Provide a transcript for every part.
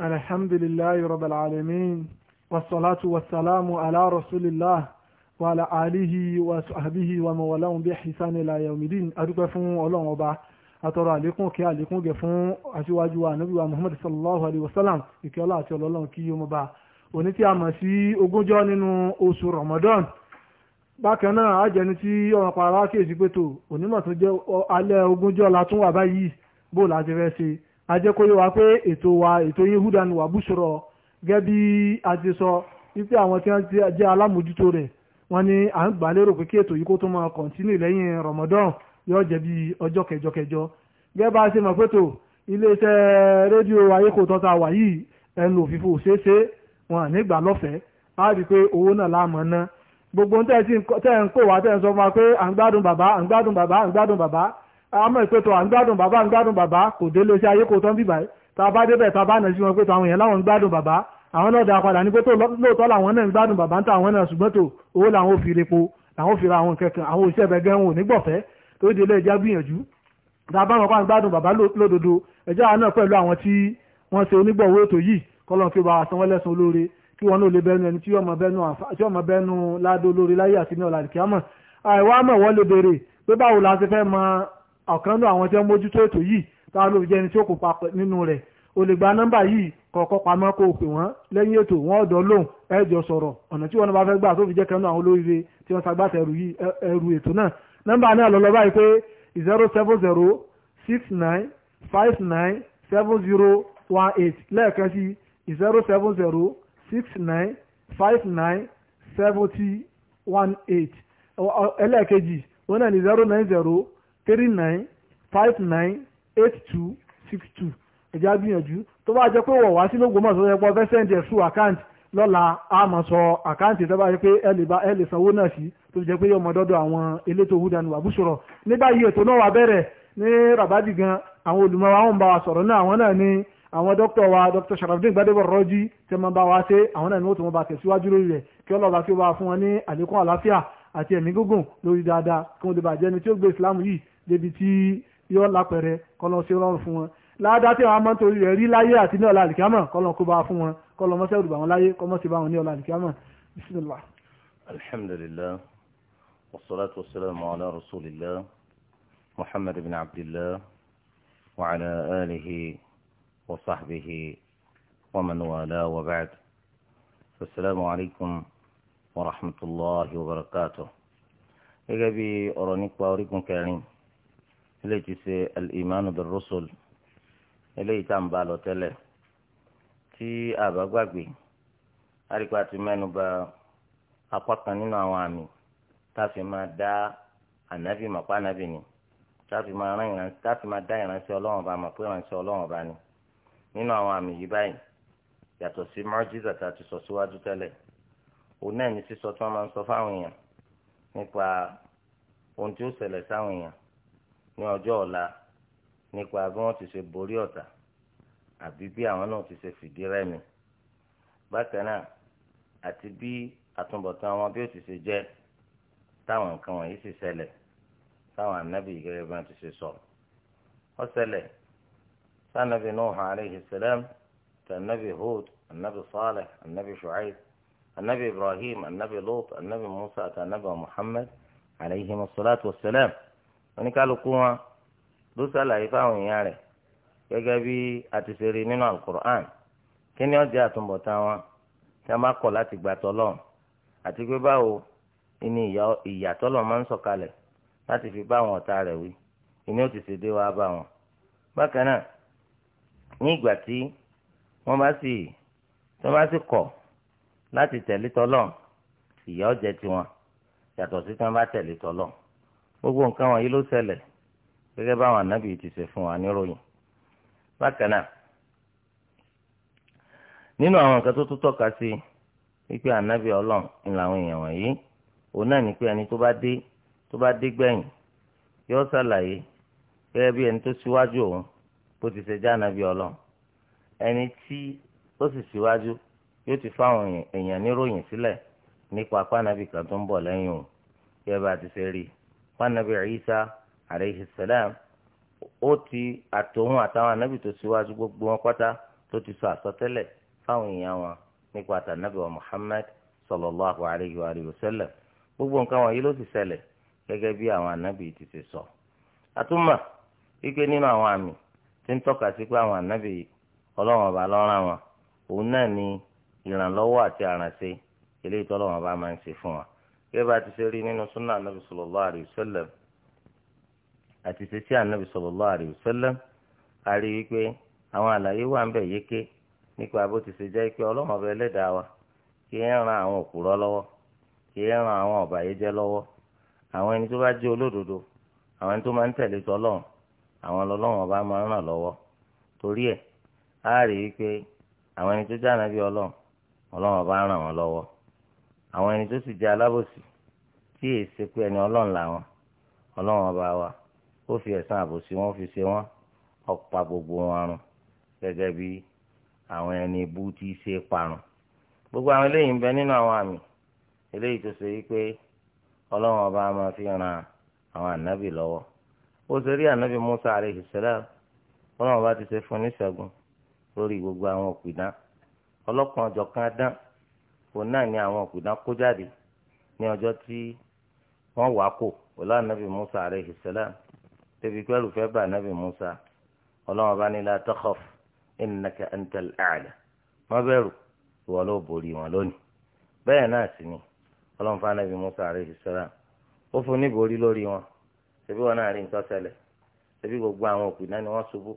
الحمد لله رب العالمين والصلاة والسلام على رسول الله وعلى آله وصحبه وموالاهم بحسان إلى يوم الدين أدوك أولون وبا أترى لكم كي لكم جفون أشواجوا النبي محمد صلى الله عليه وسلم إكي الله أتي الله كي يوم با ونتي أما سي أغنجا ننو أسو رمضان bákan náà ajẹni tí ọmọ pàrọ̀ kéèsì pé tó onímọ̀ tó jẹ́ alẹ́ ogúnjọ́ la tún wà báyìí bó la ti fẹ́ ṣe ajẹ́kóyè wa pé ètò wa ètò yehudan wà búṣọ̀rọ̀ gẹ́gẹ́ bí a ti sọ wípé àwọn tí wọ́n ti jẹ́ alámòjútó rẹ̀ wọ́n ní à ń gbà lérò pé kí ètò yìí kó tó máa kọ̀ǹtínú lẹ́yìn Ramadan yóò jẹ́ bí ọjọ́ kẹjọ kẹjọ gẹ́gẹ́ bá a ṣe mọ̀ pé tó iléeṣẹ́ rédíò ayékòótọ́ ta wà yìí ẹnu òfìfo òṣèṣe wọn à ní gbà lọ́fẹ̀ẹ́ á rí i pé owó náà láàmú ná gbogbo tẹ́ ẹ̀ ń pè wá tẹ́ ẹ̀ ń sọ fún wa pé à ń gbádùn bàbá à ń gbádùn bàbá à ń gbádùn bàbá àmọ́ ìpẹ́tọ̀ à ń gbádùn bàbá à ń gbádùn bàbá kò délé iṣẹ́ ayé kò tán bíbá yìí tá a bá débẹ̀ tá a bá nà sí wọn pẹ́tọ̀ àwọn èèyàn láwọn ń gbádùn bàbá àwọn náà dá padà ní pẹ́tọ̀ lóòótọ́ làwọn náà ń gbádùn bàbá ń ta àwọn náà ṣùgbọ́n tó owó làwọn ò fi repo làwọn ò fi ra àwọn kẹ̀kẹ́ àwọn òṣìṣẹ́ bẹ̀ gẹ́hùn ò ní gbọ̀fẹ́ tó délé ẹja gbìyànjú tá a bá wọn pa ń gbádùn bàbá lódodo ẹja ọ̀kan náà àwọn tí wọ́n mójútó ètò yìí táwọn ló fi jẹ́ ẹni tí ó kó papọ̀ nínú rẹ̀ o lè gba nọ́mbà yìí kọ̀ọ̀kan pamọ́ kó o pè wọ́n lẹ́yìn ètò wọn ọ̀dọ́ lóhùn ẹ̀jọ̀ sọ̀rọ̀ ọ̀nà tí wọn bá fẹ́ gbà tó fi jẹ́ kan náà àwọn olóríire tí wọ́n ṣagbátẹ̀ ẹrù ètò náà nọ́mbà náà lọ báyìí pé zero seven zero six nine five nine seven zero one eight lẹ́ẹ̀kan sí zero seven zero six nine five nine seventy one eight ẹlẹ́ẹ̀kejì wọn náà ní zero nine zero three nine five nine eight two six two ẹ̀jẹ̀ á gbìyànjú tó bá jẹ́ pé wọ̀ wá sí lóògbómọ̀ tó yẹ pé ọ̀fẹ́ sẹ́ǹdì ẹ̀sùn àkáǹtì lọ́la a máa sọ àkáǹtì tó bá jẹ́ pé ẹ lè bá ẹ lè sanwó náà sí tó jẹ́ pé yọmọ dọ́dọ̀ àwọn elétò húdanu àbúṣọrọ̀ ní báyìí ètò náà wà bẹ̀rẹ̀ ní rabadi gan àwọn olùmọ̀ àwọn ń bá wa sọ̀rọ̀ náà àwọn náà ní àwọn dókítà wa dókítà sharafdin gbadebo rọjí tẹ máa bá wa ṣe àwọn náà ní wọ́n tó máa bá tẹ̀síwájú lórí rẹ̀ kí ọlọ́ba kí ó bá fún wọn ní àlékún àlàáfíà débi tí yóò lápẹrẹ kọ́lọ́ sí rọrùn fún wọn láàdá tí àwọn máa ń torí rẹ̀ rí láyé àti ní ọ̀la àlìkámà kọ́lọ́ kó bá fún wọn kọ́lọ́ mọ́sẹ́ òdùbà wọn láyé kọ́ mọ́sẹ́ bá wọn ní ọ̀la àlìkámà bisimilá. alhamdulilah wasalaatu wasalaamu ala rasulillah muhammad ibn abdillah wa ala alihi wa sahbihi wa man wala wa ba'd asalaamu alaykum wa rahmatulahi wa barakatuh. gẹ́gẹ́ bí ọ̀rọ̀ nípa orígun kẹrin eléyìí ti ṣe al-imanu bir-rusul eléyìí tá à ń bá lọ tẹ́lẹ̀ tí àbá gbàgbé àríkà ti mẹ́nu bà apá kan nínú àwọn àmì tá a fi máa dá ànábì màpá ànábì ni tá a fi máa rán ìránṣẹ́ tá a fi máa dá ìránṣẹ́ ọlọ́run bá màpá ìránṣẹ́ ọlọ́run bá ni nínú àwọn àmì yìí báyìí yàtọ̀ sí mọ́jísà tá a ti sọ síwájú tẹ́lẹ̀ òun náà ní sísọ tí wọ́n máa ń sọ fáwọn èèyàn nípa ohun tí ó ṣẹlẹ̀ sáwọn èèyàn ní ọjọ́ ọ̀la nípa bí wọ́n ti ṣe borí ọ̀tá àbí bí àwọn náà ti ṣe fìdí rẹ́mi bákan náà àti bí àtúbọ̀tán wọn bí ó ti ṣe jẹ́ táwọn nǹkan wọ̀nyí sì ṣẹlẹ̀ táwọn ànábì gẹ́gẹ́ bí wọ́n ti ṣe sọ ó ṣẹlẹ̀ sanabi nuhu alayhi salam tanabi hud anabi saleh anabi shuaib anabi ibrahim anabi lut anabi musa àti anabi muhammad alayhi salatu wa salam oníkálukú wọn ló ṣàlàyé fáwọn èèyàn rẹ̀ gẹ́gẹ́ bí àtìsèrè nínú alukur'an kí ni ó jẹ́ àtúbọ̀tán wọn tí a máa kọ̀ láti gbà tọ́lọ́run àti pé báwo ni ìyà tọ́lọ́run máa ń sọ̀kalẹ̀ láti fi bá àwọn ọ̀tá rẹ̀ wí ìní ó ti ṣèdè wá bá wọn. bákan náà ní ìgbà tí wọ́n bá sì tí wọ́n bá sì kọ̀ láti tẹ̀lé tọ́lọ́run ìyà ó tiwọn yàtọ̀ sí tí wọ́n bá tẹ̀lé tọ́lọ́run gbogbo nǹkan wọ̀nyí ló ṣẹlẹ̀ gẹ́gẹ́ báwọn ànábì ti ṣe fún wa níròyìn bákan náà nínú àwọn nǹkan tó tún tọ́ka sí wípé ànábì ọlọ́run ni làwọn èèyàn wọ̀nyí òun náà ní pé ẹni tó bá dé tó bá dé gbẹ̀yìn yóò ṣàlàyé gẹ́gẹ́ bí ẹni tó síwájú òun bó ti ṣe jẹ́ ànábì ọlọ́run ẹni tí ó sì síwájú yóò ti fáwọn èèyàn níròyìn sílẹ̀ nípa apá kan tó ń bọ̀ lẹ́yìn òun gẹ́gẹ́ bá ti ṣe rí i pànàbí Ìsá alayhi salam ó ti àtòhún àtàwọn anábì tó síwájú gbogbo wọn pátá tó ti sọ àsọtẹ́lẹ̀ fáwọn èèyàn wọn nípa àtànábì wa Muhammad sallallahu alayhi wa alihi wa sallam gbogbo nǹkan wọ̀nyí ló ti ṣẹlẹ̀ gẹ́gẹ́ bí àwọn anábì ti ti sọ. àtúmọ̀ wípé nínú àwọn àmì tí ń tọ́ka sí pé àwọn anábì ọlọ́wọ́n ọba lọ́ràn wọn òun náà ni ìrànlọ́wọ́ àti àrànṣe eléyìí tọ́lọ́wọ́n ọba máa ń ṣe fún wọn gẹ́gẹ́ bá a ti ṣe rí nínú súnà anabi sallallahu alayhi wa sallam àti ṣiṣẹ́ anabi sallallahu alayhi wa sallam a rí i pé àwọn àlàyé wà ń bẹ̀ yéké nípa bó ti ṣe jẹ́ pé ọlọ́mọ ọba ẹlẹ́dàá wa kì í ran àwọn òkúrọ́ lọ́wọ́ kì í ran àwọn ọ̀bàyéjẹ́ lọ́wọ́ àwọn ẹni tó bá jẹ́ olódodo àwọn ẹni tó máa ń tẹ̀lé tọ́lọ́run àwọn lọ́lọ́run ọba máa ń ràn lọ́wọ́ torí ẹ̀ á rí i àwọn ẹni tó jẹ́ ànábì ọlọ́run ọlọ́run ọba ràn wọ́n lọ́wọ́ àwọn ẹni tó sì jẹ́ alábòsí tí èyí ṣe pé ẹni ọlọ́run làwọn ọlọ́run ọba wa ó fi ẹ̀san àbòsí wọn fi ṣe wọn ọ̀pá gbogbo wọn run gẹ́gẹ́ bí àwọn ẹni ibú tí í ṣe parun gbogbo àwọn eléyìí ń bẹ nínú àwọn àmì eléyìí tó ṣe wípé ọlọ́run ọba máa fi ran àwọn ànábì lọ́wọ́ ó ṣe rí ànábì Musa alayhi ọlọ́run ọba ti ṣe fún níṣẹ́gun lórí gbogbo àwọn òpìdán ọlọ́kan ọjọ́ kan dán òun náà ni àwọn òkùnà kó jáde ní ọjọ́ tí wọ́n wàá kò pẹ̀lú anabi musa alayhi salam tẹ̀bí pẹ́lú fẹ́ bá anabi musa ọlọ́wọ́n bá ní la takhaf innaka antal a'la má bẹ̀rù ìwọ ló borí wọn lónìí bẹ́ẹ̀ náà sì ni ọlọ́wọ́n fún anabi musa alayhi salam ó fún ní borí lórí wọn tẹ̀bí wọn náà rí nǹkan ṣẹlẹ̀ tẹ̀bí gbogbo àwọn òkùnà ni wọ́n ṣubú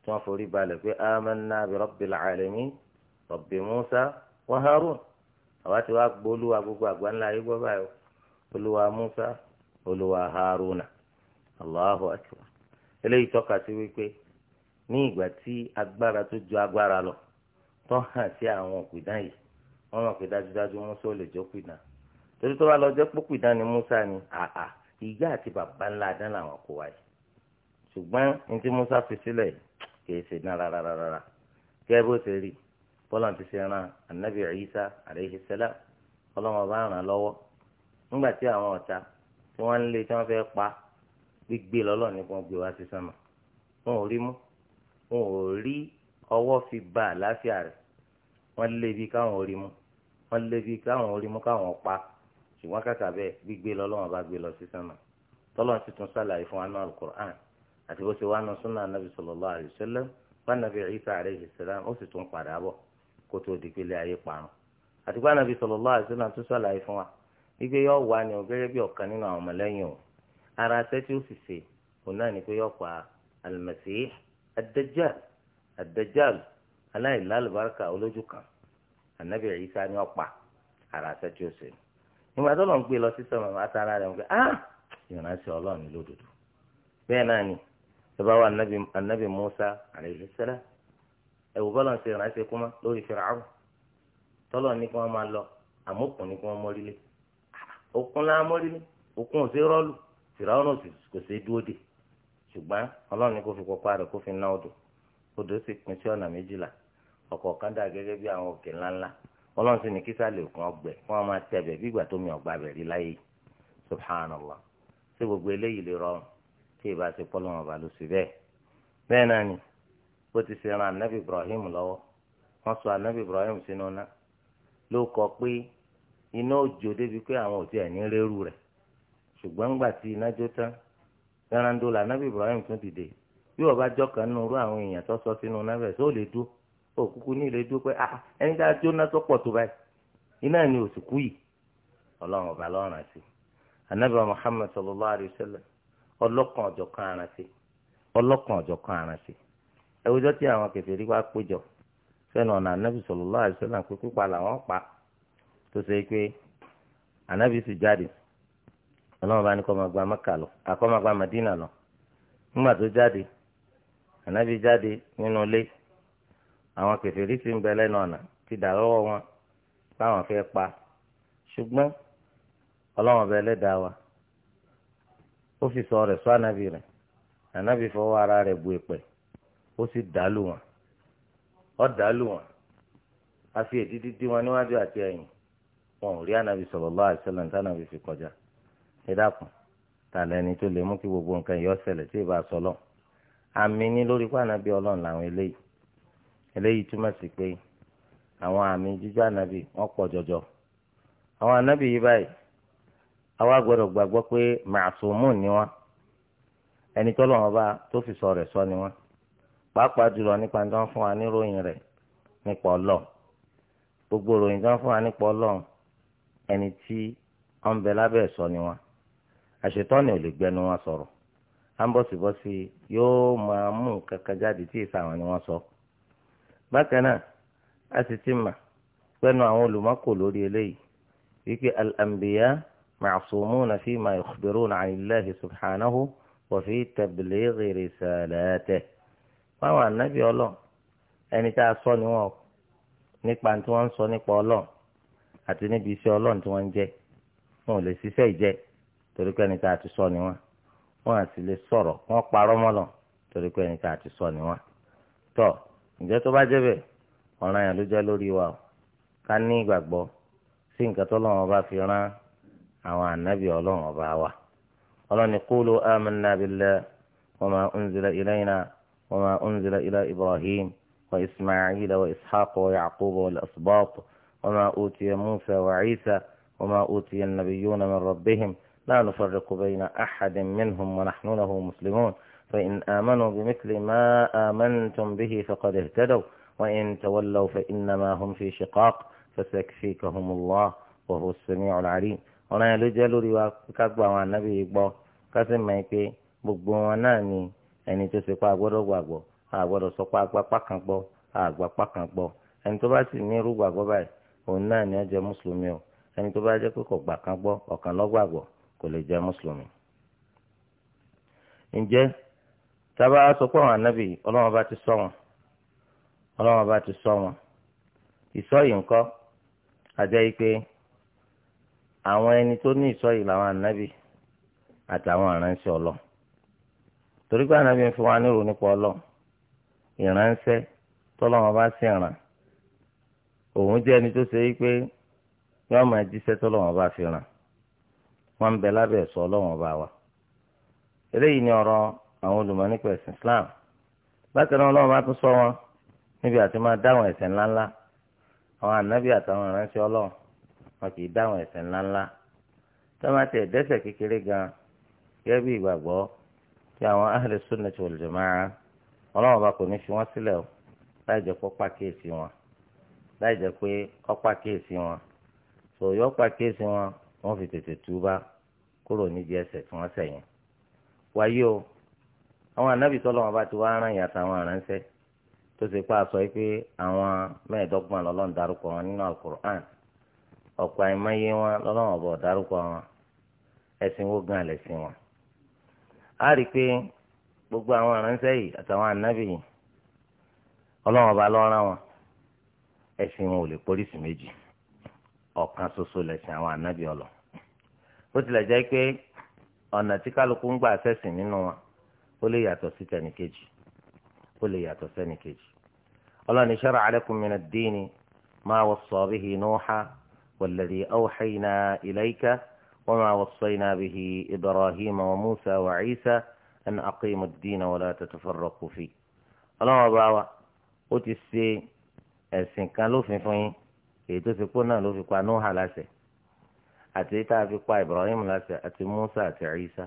tí wọ́n forí balẹ̀ pé amanna bi rabbil àwa ti wá gbọ́ olúwa gbogbo àgbáńlá ayé gbọ́ báyìí olúwa Musa olúwa Haruna Allahu akbar eléyìí tọ́ka sí wípé ní ìgbà tí agbára tó ju agbára lọ tó hàn sí àwọn òpìdán yìí wọ́n mọ̀ pé dájúdájú Musa ò lè jẹ́ òpìdán torí tó bá lọ jẹ́ pópìdán ni Musa ni àà ìyá àti bàbá ńlá adán làwọn kò wáyé ṣùgbọ́n ní tí Musa fi sílẹ̀ kì í ṣe náà rárá rárá kẹ́ bó ṣe rí i bọ́lá ti ṣe ran anabi Isa alayhi salam ọlọ́mọ bá ràn án lọ́wọ́ nígbà tí àwọn ọ̀tá tí wọ́n ń lé tí wọ́n fẹ́ pa gbígbé lọ́lọ́ ní wọ́n gbé wá sí sánmà wọn ò rí mú wọn ò rí ọwọ́ fi ba àlàáfíà rẹ̀ wọ́n lé bí káwọn ò rí mú wọ́n lé bí káwọn ò rí mú káwọn pa ṣùgbọ́n kàkà bẹ́ẹ̀ gbígbé lọ́lọ́wọ́n bá gbé lọ sí sánmà tọ́lọ́ ti tún sàlàyé fún anú alukur'an àti bó ṣe wá nu súnà anabi sallallahu alaihi wọn nàbí Isa kó tó di pélé ayé parun àtìgbà nàbí sallallahu alaihi wasallam tó sàlàyé fún wa wípé yóò wá ní o gẹ́gẹ́ bí ọ̀kan nínú àwọn ọmọlẹ́yìn o ara ṣẹ́ tí ó sì ṣe òun náà ni pé yóò pa al-Masih ad-Dajjal ad-Dajjal aláìlálùbáríkà olójú kan ànábì Ìsá ni ó pa ara ṣẹ́ tí ó ṣe ìgbà tó lọ́n gbé lọ sí sọ́mọ àtàrà rẹ̀ wọ́n pé ah ìrànṣẹ́ ọlọ́run lódodo bẹ́ẹ̀ náà ni ìbáwá ànábì Musa alayhi salam ẹ̀wù bọ́lá ń ṣe ìránṣẹ́ kú mọ́ lórí fìràwọ̀ tọ́lọ̀ ní kí wọ́n máa lọ àmọ́kùn ní kí wọ́n mórílé òkun la mórílé òkun ò sí rọ́ọ̀lù fìràwọ̀ náà kò sí dúró dè ṣùgbọ́n ọlọ́run ní kó fi kópa rẹ̀ kó fi ná odò odò sì pín sí ọ̀nà méjìlá ọ̀kọ̀ọ̀kan dà gẹ́gẹ́ bí àwọn òkè ńláńlá ọlọ́run sì ní kí sálẹ̀ òkun ọgbẹ́ kí wọ́n máa tẹ̀bẹ̀ bí ìgbà tó mi ọ̀gbà bẹ̀ rí láyé subhanallah ṣé gbogbo eléyìí lè rọrùn tí ì bá ti pọ́ ló sì bẹ́ẹ̀ bẹ́ẹ̀ náà ni bó ti ṣe ran anabi ibrahim lọ́wọ́ wọ́n sọ anabi ibrahim sínú ná ló kọ pé iná òjò débi pé àwọn òtí ẹ̀ ní rérú rẹ̀ ṣùgbọ́n ńgbà tí iná jó tán garando la anabi ibrahim tún dìde bí wọ́n bá jọ́ka nínú irú àwọn èèyàn tó sọ sínú ná bẹ́ẹ̀ sóò lè dúró òkúkú ní ilé dúró pé ah ẹni tá a jóná tó pọ̀ tó báyìí iná ni òsìkú yìí ọlọ́run ọba lọ́rùn àti anabi muhammad sallallahu alayhi wa sallam ọlọ́kan ọ̀jọ̀kan ara sí ọlọ́kan ẹwùjọ́ tí àwọn kẹfẹ́rí wá péjọ sẹ́nu ọ̀nà anabi sallallahu alaihi wasallam pé pípa làwọn pa tó ṣe pé anabi sì jáde ọlọ́run bá ní kó máa gba Mẹ́kà lọ àkó máa gba Mẹ́dínà lọ nígbà tó jáde anábì jáde nínú ilé àwọn sì ń bẹ lẹ́nu ọ̀nà ti dà lọ́wọ́ wọn báwọn pa ṣùgbọ́n ọlọ́run wa ó fi sọ rẹ̀ sọ rẹ̀ ara rẹ̀ bu ó sì dàálù wọn ọ dàálù wọn a fi èdè dídí wọn níwájú àti ẹ̀yìn wọn ò rí ànábì sallallahu alaihi wasallam tánàbì fi kọjá ẹ dákun tó lè mú kí gbogbo nǹkan yọ ṣẹlẹ̀ tí ì bá àmì ní lórí làwọn eléyìí eléyìí túmọ̀ sí pé àwọn àmì jíjọ́ ànábì wọ́n pọ̀ jọjọ àwọn yìí pàápàá jùlọ nípa tó ń fún wa níròyìn rẹ̀ nípa ọlọ́ọ̀ gbogbo ròyìn tó ń fún wa nípa ọlọ́ọ̀ ẹni tí ó ń bẹ lábẹ́ ẹ̀ṣọ́ ni wọn àṣetọ́ni ò lè gbẹnu wọn sọ̀rọ̀ ambọ̀sibọ́sí yóò máa mú kankan jáde tí ìsà wọn ni wọ́n sọ. bákan náà a sì ti mà pẹ́nu àwọn olùmọ́kò lórí eléyìí wípé al-anbiya ma'sumuna fima yukhbiruna 'an Allahi subhanahu wa fi tablighi risalatihi fáwọn ànábì ọlọ́run ẹni tá a sọ ni wọn nípa tí wọ́n ń sọ nípa ọlọ́run àti níbi iṣẹ́ ọlọ́run tí wọ́n ń jẹ́ wọn ò lè ṣiṣẹ́ ìjẹ́ torí pé ẹni tá a ti sọ ni wọn wọn à sì lè sọ̀rọ̀ wọn parọ́ mọ́lọ̀ torí pé ẹni tá a ti sọ ni wọn. tọ́ ǹjẹ́ tó bá jẹ́ bẹ́ẹ̀ ọ̀ràn yẹn ló jẹ́ lórí wa o ká ní ìgbàgbọ́ sí nǹkan tó lọ́wọ́ bá fi rán àwọn ànábì ọlọ́run ọba wa ọlọ́ni qulu amanna billahi wa ma unzila ilayna وما أنزل إلى إبراهيم وإسماعيل وإسحاق ويعقوب والأسباط وما أوتي موسى وعيسى وما أوتي النبيون من ربهم لا نفرق بين أحد منهم ونحن له مسلمون فإن آمنوا بمثل ما آمنتم به فقد اهتدوا وإن تولوا فإنما هم في شقاق فسيكفيكهم الله وهو السميع العليم ونالجل رواق jẹ́ lórí wa ká gba ما يكي بقبوا gbọ́ ẹni tó ṣe pa agbọ́dọ̀ gbàgbọ́ agbọ́dọ̀ sọ pa agbapá kan gbọ́ agbapá kan gbọ́ ẹni tó bá sì ní irú báyìí òun náà ni o ẹni tó bá je pé kò gbà kan gbọ́ ọ̀kan lọ́gbàgbọ́ kò lè jẹ́ mùsùlùmí. ǹjẹ́ tábà sọ pé àwọn anábì ọlọ́wọ́n bá ti sọ wọn ọlọ́wọ́n bá ti sọ wọn ńkọ́ àjẹ́ pé àwọn torí pé ànábì ń fi wá nírò nípa ọlọ́run ìránṣẹ́ tọ́lọ́run bá sì ràn òun jẹ́ ẹni tó ṣe wípé yóò máa jíṣẹ́ tọ́lọ́run bá fi ràn wọ́n ń bẹ lábẹ́ ẹ̀sọ́ ọlọ́run bá wa eléyìí ni ọ̀rọ̀ àwọn olùmọ̀ ẹ̀sìn Islam bákan náà ọlọ́run bá tún sọ wọn níbi àti máa dáhùn ẹ̀ṣẹ̀ ńláńlá àwọn ànábì àtàwọn ìránṣẹ́ ọlọ́run wọn kì í dáhùn ẹ̀ṣẹ̀ ńláńlá tọ́mátì ẹ̀dẹ́sẹ̀ kékeré gan gẹ́gẹ́ bí ìgbàgbọ́ tí àwọn ahli sunnati wal jamaa ọlọ́run ọba kò ní fi wọ́n sílẹ̀ o láì kéèsì wọn láì jẹ́ pé kéèsì wọn kéèsì wọn wọ́n fi tètè túbá kúrò níbi ẹsẹ tí wọ́n ṣẹ̀ wáyé o àwọn anábì tọ́lọ́run ọba ti wá rán tó ṣe a sọ pé àwọn wọn nínú alukur'an ọ̀pọ̀ àìmọye a rí i pé gbogbo àwọn aránṣẹ́ yìí àtàwọn ànábì yìí ọlọ́run ọba lọ́ra wọn ẹ̀sìn wọn ò lè pọ́lísì méjì ọ̀kan ṣoṣo lẹ̀sìn àwọn ànábì ọlọ bó tilẹ̀ jẹ́ pé ọ̀nà tí kálukú ń gbà sẹ́sìn nínú wọn ó lè yàtọ̀ sí ó lè yàtọ̀ وما وصينا به إبراهيم وموسى وعيسى أن أقيموا الدين ولا تتفرقوا فيه ọlọ́run ọba wa ó ti ṣe ẹ̀sìn kan lófin fún yín èyí tó ti kó náà ló fi pa nóhà láṣẹ àti tá a fi pa ibrahim láṣẹ àti musa àti isa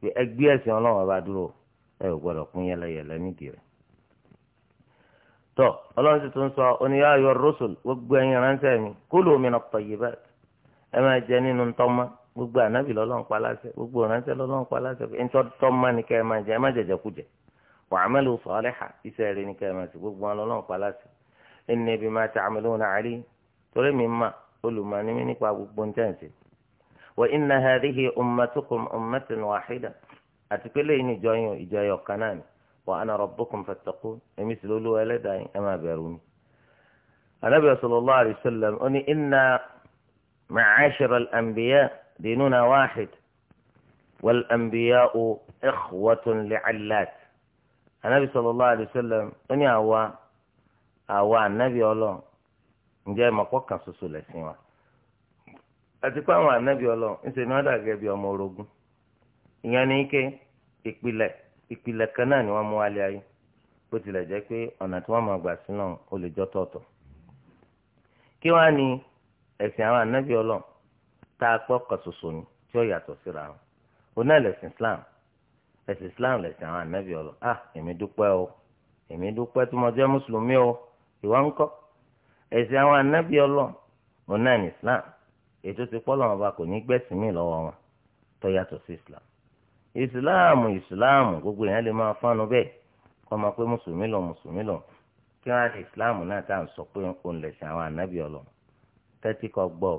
pé ẹgbẹ́ ẹ̀sìn ọlọ́run ọba dúró ẹ ò gbọ́dọ̀ pín yẹlẹyẹlẹ nídìí rẹ̀. tọ́ ọlọ́run ti tún sọ oníyá ayọ̀ rọ́ṣọ̀l gbogbo ẹ̀yin ránṣẹ́ mi kulu min at-tayyibat ẹ máa jẹ nínú ntọ́mọ́ gbogbo ànábì lọ́lọ́run pa láṣẹ gbogbo ìránṣẹ́ lọ́lọ́run pa láṣẹ pé ntọ́ tọ́ má ní kẹ́ ẹ máa jẹ ẹ má jẹjẹ kú jẹ wa amalu saliha iṣẹ́ rere ní kẹ́ ẹ máa ṣe gbogbo wọn lọ́lọ́run pa láṣẹ inni bima ta'maluna alim torí mi mà olùmọ̀ọ́ni mi nípa gbogbo ntẹ́ǹsì wa inna hadhihi ummatukum ummatan wahida àti pé lẹ́yìn ìjọyìn yín ẹ máa bẹ̀rù mi. anabi sallallahu ديننا واحد والأنبياء إخوة لعلات النبي صلى الله عليه وسلم أني أوا أوا النبي الله ǹjẹ́ ẹ̀ mọ̀ pọ́kàn ṣoṣo lẹ́sìn wa àti pé àwọn ànábì ọlọ́run ń ṣe ní wọ́n dàgẹ́ bí ọmọ ike ìpìlẹ̀ ìpìlẹ̀ kan náà tá a pọ̀ kan ṣoṣo ni tí ó yàtọ̀ síra wọn oná lẹ̀sìn islam ẹ̀sìn islam lẹ̀sìn àwọn ànábì ọlọ ah èmi dúpẹ́ o èmi dúpẹ́ tí mo jẹ́ mùsùlùmí o ìwà ń kọ́ ẹ̀sìn àwọn ànábì ọlọ oná ní islam ètò ti pọ́ lọ́wọ́ bá kò ní gbẹ̀sìn mí lọ́wọ́ wọn tó yàtọ̀ sí islam ìsìláàmù ìsìláàmù gbogbo èèyàn lè máa fánu bẹ́ẹ̀ kọ́ máa pé mùsùlùmí lọ mùsùlùmí lọ kí wọ́n á ní ìsìláàmù náà tá à ń sọ pé òun lẹ̀sìn àwọn ànábì ọlọ tẹ́tí kọ gbọ́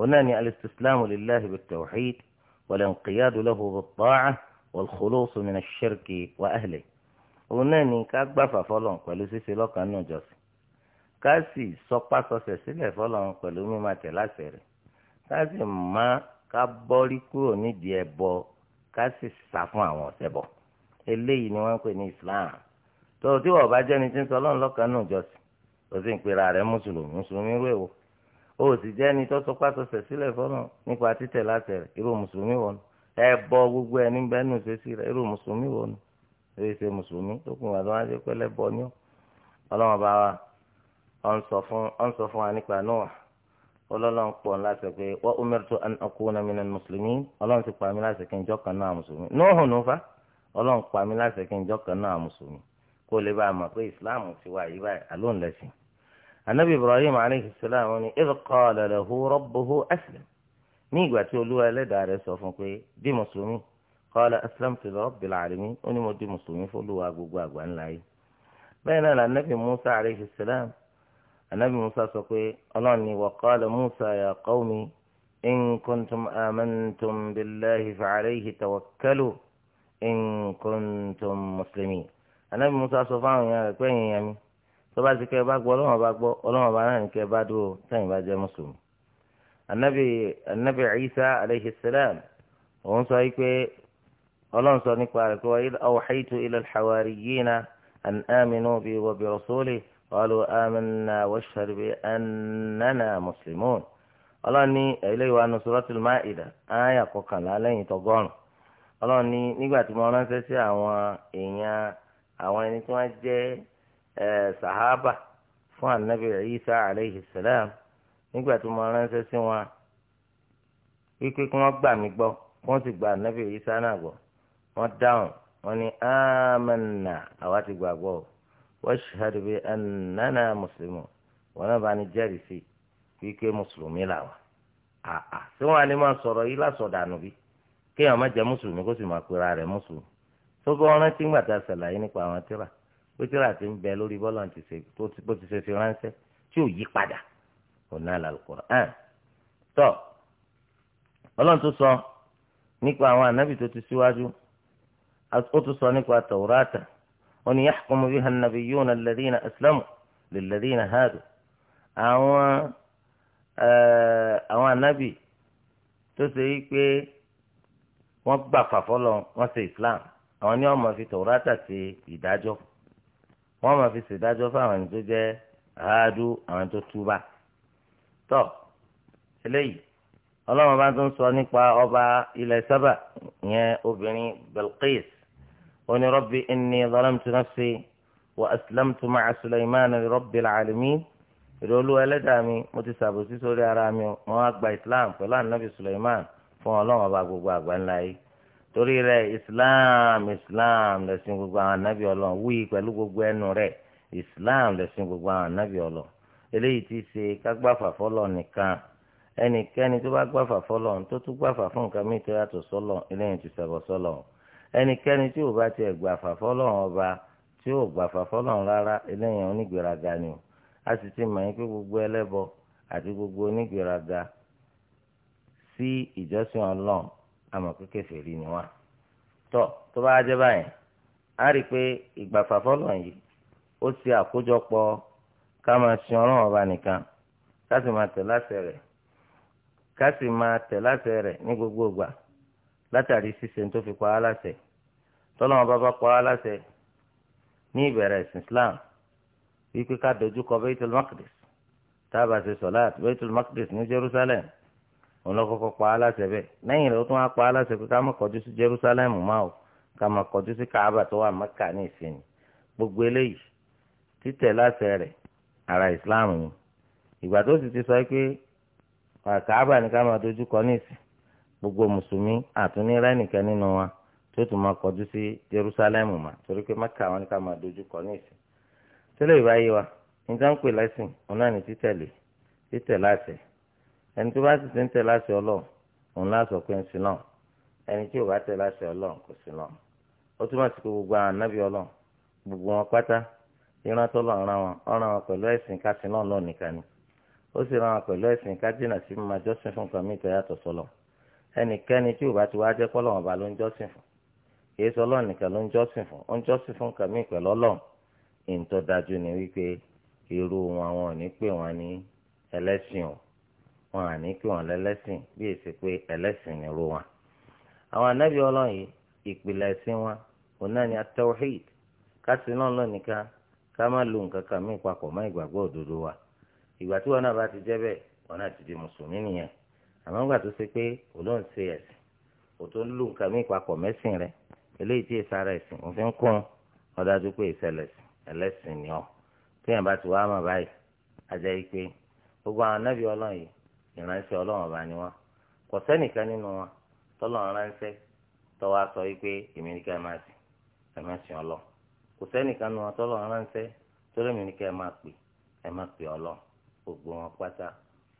هنا الاستسلام لله بالتوحيد والانقياد له بالطاعة والخلوص من الشرك وأهله هنا كأكبر فلان pẹ̀lú ṣíṣe lọ́kàn nínú ìjọsìn ká sì sọpasọsẹ̀ sílẹ̀ fọlọ́run pẹ̀lú mímá tẹ̀ láṣẹ rẹ̀ ká sì má ká bọ́rí kúrò nídìí ẹbọ ká sì sá fún àwọn ọ̀ṣẹbọ eléyìí ni wọ́n ń pè ní Islam tó o tí wọ́n bá jẹ́ni tí ń sọ ọlọ́run lọ́kàn nínú ìjọsìn ó sì ń pera rẹ̀ mùsùlùmí mùsùlùmí rú èwo o sì jẹ́ ẹni tó sọ pàtó sẹ̀ sílẹ̀ fọ́nà nípa títẹ̀ láti rẹ̀ irú mùsùlùmí wọn ẹ bọ gbogbo ẹ ní bẹ́ẹ̀ nù ṣe sí rẹ̀ irú mùsùlùmí wọn èyí ṣe mùsùlùmí tó kùn wà tó wá ṣe pẹ́lẹ́ bọ ní ọlọ́run bá wa ọ ń sọ fún wa nípa náà ọlọ́run pọ̀ láti pé wọ́n umirtu an akuna minal muslimin ọlọ́run ti pa mí láti kí n jọ́ kan náà mùsùlùmí nóòhùn ló fa ọlọ́run pa mí láti kí n jọ́ kan náà mùsùlùmí kó lè bá a mọ̀ pé ìsìláàmù ti wà yí báyìí àlóhùn lẹ́sìn anabi ibrahim aleyhi salaam ni idh qala lahu rabbuhu aslim ní ìgbà tí olúwa ẹlẹ́dàá rẹ̀ sọ fún pé di mùsùlùmí qala aslamtu li rabbil alamin ó ní mo di mùsùlùmí fọlùwà gbogbo àgbà ńlá yìí bẹ́ẹ̀ náà lànàbì musa aleyhi salaam anabi musa sọ pé ọlọ́run ni wa qala musa ya qawmi in kuntum amantum billahi fa aleyhi tawakkalu in kuntum muslimin anabi musa sọ fáwọn èèyàn rẹ̀ pé èèyàn mi tó bá ti kẹ́ ẹ bá gbọ́ ọlọ́wọ́n bá gbọ́ ọlọ́wọ́n bá náà ní kẹ́ ẹ bá dúró sẹ́yìn bá jẹ́ mùsùlùmí. anabi anabi isa alayhi salam òun sọ yìí pé ọlọ́run sọ nípa rẹ̀ pé awhaytu ila al-hawariyina an aminu bi wa bi rasuli qalu amanna washhad bi annana muslimun. ọlọ́run ní eléyìí wà ní suratul maida àyá kọkànlá lẹ́yìn tọgọ́rùn-ún ọlọ́run ní nígbà tí mo ránṣẹ́ sí àwọn èèyàn àwọn ẹni tí wọ́n jẹ́ sahaba fún anabi Isa alayhi salam nígbà tí mo ránṣẹ́ sí wọn wípé kí wọ́n gbà mí gba anabi Isa náà gbọ́ wọ́n dáhùn wọ́n ni amanna àwa ti gbàgbọ́ o washhad bi annana wọn náà bá ní jẹ́rìí wípé mùsùlùmí làwọn àà tí wọ́n á ní máa yìí lásọdànù bí kéèyàn pé tíra ti ń bẹ lórí bọ́lá bó ti ṣe fi ránṣẹ́ tí ò yí padà ọ̀nà al-Qur'an tọ́ ọlọ́run tó sọ nípa àwọn ànábì tó ti síwájú ó tún sọ nípa Taurata ó ní yahkumu biha an-nabiyyuna alladhina aslamu lilladhina hadu àwọn eh, àwọn ànábì tó ṣe yí pé wọ́n gbà fàfọ́lọ́ wọ́n ṣe Islam àwọn ni wọ́n máa fi Taurata ṣe ìdájọ́ wọ́n máa fi ṣèdájọ́ fáwọn ẹni tó jẹ́ àádú àwọn tó túbà tọ́ eléyìí ọlọ́run bá tún sọ nípa ọba ilẹ̀ sábà ìyẹn obìnrin Bilqis ó ní rabbi inni zalamtu nafsi wa aslamtu ma'a Sulaymana li rabbil alamin ẹlẹ́dàá mi mo ti ṣàbòsí sórí ara mi wọ́n á gba Islam pẹ̀lú ànábì Suleiman fún ọlọ́run ọba gbogbo àgbáńlá yìí torí rẹ islam islam lẹ̀sìn gbogbo àwọn ànábì ọlọ́run wí pẹ̀lú gbogbo ẹnu rẹ islam lẹ̀sìn gbogbo àwọn ànábì ọlọ́run eléyìí ti ṣe kágbáfà fọlọ́ nìkan ẹnikẹ́ni tó bá gbáfà fọlọ́ tó tún gbáfà fún nǹkan míì tó yàtọ̀ sọ́lọ́ eléyìí ti ṣẹbọ sọ́lọ́ ẹnikẹ́ni tí ò bá tiẹ̀ gbàfà fọlọ́ ọba tí ò gbàfà fọlọ́ rárá eléyìí onígbèraga ni o a sì ti mọ̀ yín pé gbogbo ẹlẹ́bọ àti gbogbo onígbèraga sí ìjọsìn ọlọ́run àmọ́ pé kèfèrí ni wọ́n tọ́ tó bá jẹ́ báyìí á rí i pé ìgbàfà fọ́lọ̀ yìí ó ṣe àkójọpọ̀ ká máa sin ọlọ́run ọba nìkan ká sì máa tẹ̀ láṣẹ rẹ̀ ká sì máa tẹ̀ láṣẹ rẹ̀ ní gbogbo ìgbà látàrí ṣíṣe tó fi pa á láṣẹ tọ́lọ́run ọba bá pa á láṣẹ ní ìbẹ̀rẹ̀ ẹ̀sìn Islam wípé ká dojú kọ Baitul Maqdis tá a bá ṣe sọ̀láàt Baitul Maqdis ní Jerusalem òun lọ kọ́kọ́ pa á láṣẹ bẹ́ẹ̀ lẹ́yìn rẹ̀ ó tún wá pa á láṣẹ pé ká má kọjú Jerusalem má o ká má kọjú sí Kaaba tó wà Mẹ́kà ní gbogbo eléyìí títẹ̀ láṣẹ rẹ̀ ara Islam ni ìgbà tó sì ti sọ pé Kaaba ni ká má dojú kọ ní gbogbo mùsùlùmí àtúnirẹ́ nìkan nínú wa tó tún kọjú sí Jerusalem torí pé Mẹ́kà wọn ni ká má dojú kọ ní ìsìn tẹ́lẹ̀ ìbáyé wa ní ẹni tó bá sì ti ń tẹ̀ láṣẹ ọlọ́run òun láṣọ pé ń sin náà ẹni tí ò bá tẹ̀ láṣẹ ọlọ́run kò sin náà ó túmọ̀ sí pé gbogbo àwọn ànábì ọlọ́run gbogbo wọn pátá ìran tó lọ ọ̀ràn wọn ọ̀ràn wọn pẹ̀lú ẹ̀sìn kásìn náà lọ́ọ̀ nìkan ni ó sì ràn wọn pẹ̀lú ẹ̀sìn kájínà sí mímọ jọ́sìn fún kan mìíràn yàtọ̀ sọlọ ẹnikẹ́ni tí ò bá ti wá jẹ́ pọ́lọ́ wọn bá ló ń jọ́sìn fún kìí sọ lọ́ọ̀ nìkan ló ń jọ́sìn fún ó ń jọ́sìn fún kan mìíràn pẹ̀lú ọlọ́run ìǹtọ́ ni wípé irú wọn wọn ò ní pè wọn ní ẹlẹ́sìn o wọn à ní kí wọn lẹ́lẹ́sìn bí èsì pé ẹlẹ́sìn ni ro wọn. àwọn anábì ọlọ́run ìpìlẹ̀ ẹ̀sìn wọn ni atawhid kásì náà lọ́nìkan ká má lo nǹkan kan mí papọ̀ mọ́ ìgbàgbọ́ òdodo wa ìgbà tí wọn náà bá ti jẹ́ bẹ́ẹ̀ wọn náà di mùsùlùmí nìyẹn àmọ́ tó ṣe pé olóhùn ṣe ẹ̀sìn tó ń lo nǹkan mí papọ̀ mẹ́sìn rẹ eléyìí tí ìránṣẹ́ ọlọ́run ọba ni wọ́n kò sẹ́nìkan nínú wọn tọ́lọ́run ránṣẹ́ tọ́wọ́ sọ wípé èmi ní ká máa kò sẹ́nìkan nínú wọn tọ́lọ́run ránṣẹ́ tọ́lọ́ mi ní gbogbo wọn pátá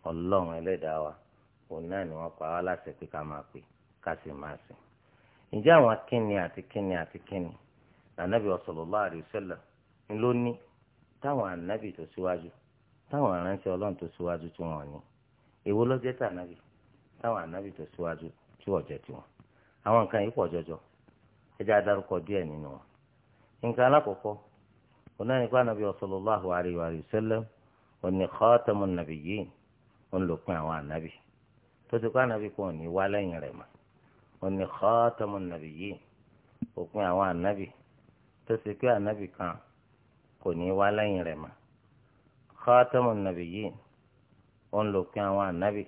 ọlọ́run ẹlẹ́dàá wa òun náà ni wọ́n pa wá láṣẹ pé ká máa pè ká sì máa ǹjẹ́ àwọn àti àti èwo lọ́jẹ́ tà nábì táwọn ànábì tó síwájú tí wọ́n jẹ́ tiwọn àwọn nǹkan yìí pọ̀ jọjọ ẹjẹ́ adarúkọ díẹ̀ nínú wọn. nǹkan alákọ̀ọ́kọ́ onáyìnká ànábì sallallahu alaihi wa sallam òní khatamun nabiyyin òun ló pin àwọn ànábì tó ti kọ́ ànábì kan òní wá lẹ́yìn rẹ̀ mọ́ òní khatamun nabiyyin òpin àwọn ànábì tó ti kọ́ ànábì kan kò ní wá lẹ́yìn rẹ̀ mọ́ khatamun nabiyyin ó ń lò kí àwọn ànábì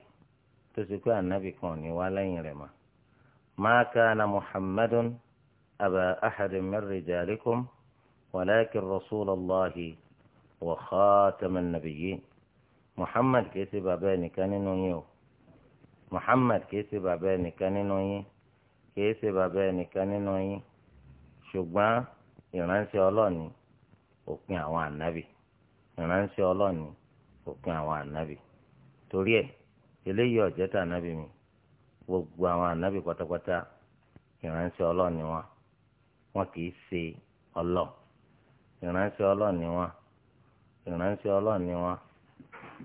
tó ṣe pé ànábì kan ní wá lẹ́yìn rẹ̀ mà. ma kana muhammadun aba ahadin min rijalikum walakin rasulallahi wa khataman nabiyyin muhammad kìí ṣe bàbá ẹnìkan nínú yín o muhammad kìí ṣe bàbá ẹnìkan nínú yín kìí ṣe bàbá ẹnìkan nínú yín ṣùgbọ́n òpin àwọn ànábì ìránṣẹ́ ọlọ́ọ̀ni òpin àwọn ànábì. torí ẹ eléyìí ọ̀jẹ́ tà nábì mi gbogbo àwọn ànábì pátápátá ìránṣẹ́ ọlọ́ọ̀ ni wọn wọn kì í ṣe wọn wọn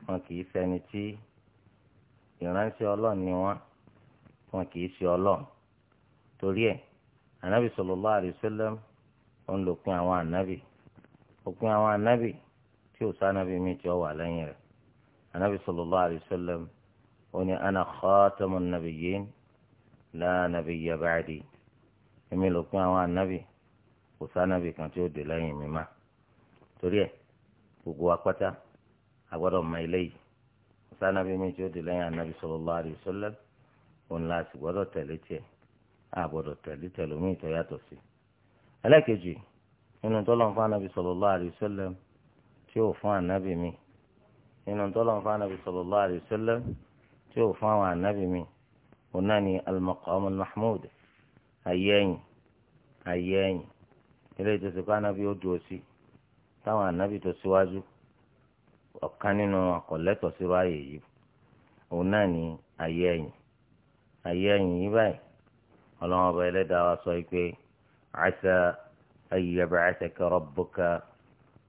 wọn kì í ṣẹni tí wọn wọn kì í ṣe torí ẹ ànábì alaihi wasallam òun lòpin àwọn ànábì òpin àwọn ànábì tí ò mi tí wà anabi sallallahu alayhi wa sallam ó ní ana khatamun nabiyyin la nabiyya ba'di èmi ló pín àwọn anabi kò sànàbì kan tí ó dé lẹ́yìn mi má torí ẹ̀ gbogbo apáta agbọ́dọ̀ mọ eléyìí kò sànàbì mi tí ó dé lẹ́yìn anabi sallallahu alayhi wa sallam òun la sì gbọ́dọ̀ tẹ̀lé tiẹ̀ àgbọ́dọ̀ tẹ̀lé tẹ̀lómi ìtọ́ yàtọ̀ sí ẹlẹ́kejì nínú tọ́lọ́ fún anabi sallallahu alayhi wa sallam tí ó fún anabi mi nínú tọ́lọ́n fún anabi sallallahu alayhi wa sallam tí ó fún àwọn anabi mi òun náà ni al-maqam al-mahmud ayẹ́yìn ayẹ́yìn ilé ìtòsí kó anabi ó dúró sí táwọn anabi tó síwájú ọ̀kan nínú àkọ́lẹ́tọ̀ sí ráàyè yìí òun náà ni ayẹ́yìn ayẹ́yìn yìí báyìí ọlọ́wọ́n ọba ẹlẹ́dàá wa sọ pé asa ayyab'athaka rabbuka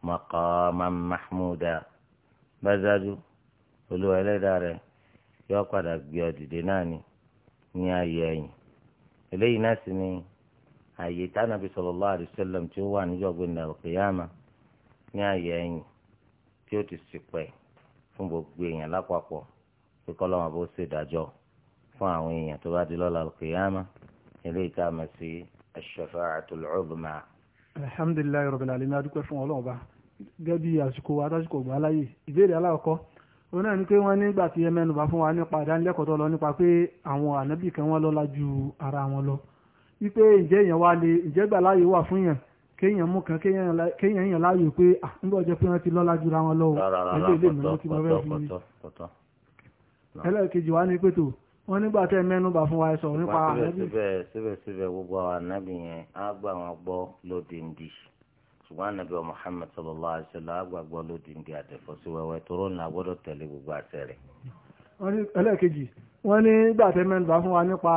maqaman mahmuda. bá ṣáájú olúwa ẹlẹ́dàá rẹ yóò padà gbé ọ dìde náà ni ní ayé ẹ̀yìn eléyìí náà sì ni ààyè tánàbí sallallahu alaihi tí ó wà níjọ́ gbẹ̀ndà al-qiyama ní ayé ẹ̀yìn tí ó ti ṣìpẹ̀ fún gbogbo èèyàn lápapọ̀ pé kọ́lọ́wọ́n bó ṣe dájọ́ fún àwọn èèyàn di lọ́la al-qiyama eléyìí tá a mọ̀ sí ash-shafa'atul 'uzma. gẹ́gẹ́ bí àsìkò adásìkò ògbà aláyè ìbéèrè alákọ̀ọ́kọ́ òun náà ni pé wọ́n nígbà tí ẹ mẹ́nubà fún wa nípa ìdánilẹ́kọ̀ọ́ tó lọ nípa pé àwọn ànábì kan wọ́n lọ́lá ju ara wọn lọ wípé ǹjẹ́ èèyàn wá lè ǹjẹ́ gbà láàyè wà fún yàn kéèyàn mú kan kéèyàn yàn láàyè pé nígbà ah, ọjọ́ pé wọ́n ti lọ́lá ju ra wọn lọ ẹgbẹ́ ilé mi ló ti mọ́ fẹ́ fi ẹlẹ́ẹ̀kejì wá ní pẹ́tò wọ́n nígbà tẹ́ mẹ́nubà fún wa ẹ nípa ànábì ṣùgbọ́n anabi wa muhammed sallallahu alayhi wa sallam agbàgbọ́ ló di ndí àtẹ̀fọ́ sí wẹ́wẹ́ tóró ní agbọ́dọ̀ tẹ̀lé gbogbo àṣẹ rẹ̀. wọ́n ní ẹlẹ́ẹ̀kejì wọ́n ní gbà tẹ́ mẹ́rin fún wa nípa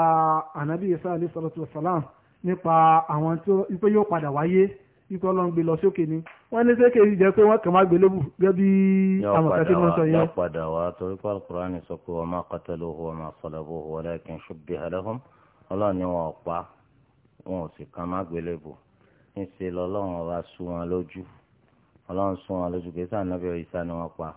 anabi isa alayhi salatu wa salam nípa àwọn tó ipe yóò padà wáyé ipe ọlọ́run lọ sókè ni wọ́n ní sẹ́kẹ̀ yìí pé wọ́n kàn má gbé lóbù gẹ́gẹ́ bí amọ̀kàtí ńṣe lọ́lọ́run ọba sún wọn lójú ọlọ́run sún wọn lójú kìí sáà nàbẹ̀ ìsá ni wọ́n pa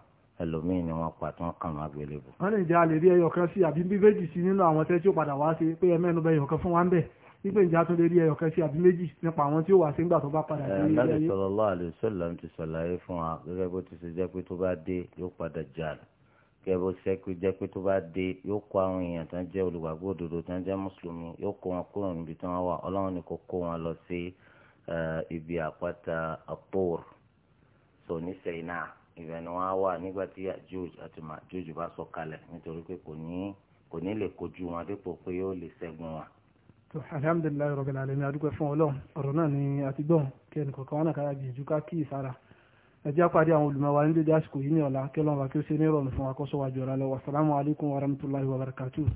ẹlòmíì ni wọ́n pa tí wọ́n kàn wá gbélé bò. wọ́n lè jẹ́ a lè rí ẹyọ kan sí àbí bí méjì sí nínú àwọn tẹ́ tí ó padà wá sí pé ẹ mẹ́nu bẹ ẹyọ kan fún wa ń bẹ̀ wípé ìjà tún lè rí ẹyọ kan sí àbí méjì nípa àwọn tí ó wà sígbà tó bá padà dé ilé ayé. Ànábì sallallahu alaihi wasallam ti ṣàlàyé fún wa gẹ́gẹ́ bó ti ṣe jẹ́ pé tó bá dé yóò padà jà gẹ́gẹ́ bó ṣe jẹ́ pé tó bá dé yóò kó àwọn èèyàn tán jẹ́ olùgbàgbọ́ òdodo tán jẹ́ mùsùlùmí yóò kó wọn kúrò níbi tí wọ́n wà ọlọ́run ni kò kó wọn lọ sí Eh, ibi àpáta àpòr tó ní sẹ́yìnà ibẹ̀ ni wọ́n á wà nígbà tí Yájùj àti Májùj bá sọ kalẹ̀ nítorí pé kò ní kò ní lè kojú wọn dípò pé yóò lè ṣẹ́gun wọn. tó alhamdulilayi rabbil alamin adúgbò fún Ọlọ́run ọ̀rọ̀ náà ni àti gbọ́n kí ẹnì kọ̀ọ̀kan wọn náà kára gbìyànjú ká kí ìsára ẹjẹ́ àpàdé àwọn olùmọ̀wá ní dédé àsìkò yìí ní ọ̀la kí Ọlọ́run bá kí ó ṣe ní ìrọ̀rùn fún akọ́ṣọ́wájú ọ̀la lọ wàsálàmù alaykum wa rahmatulahi wa barakatuh.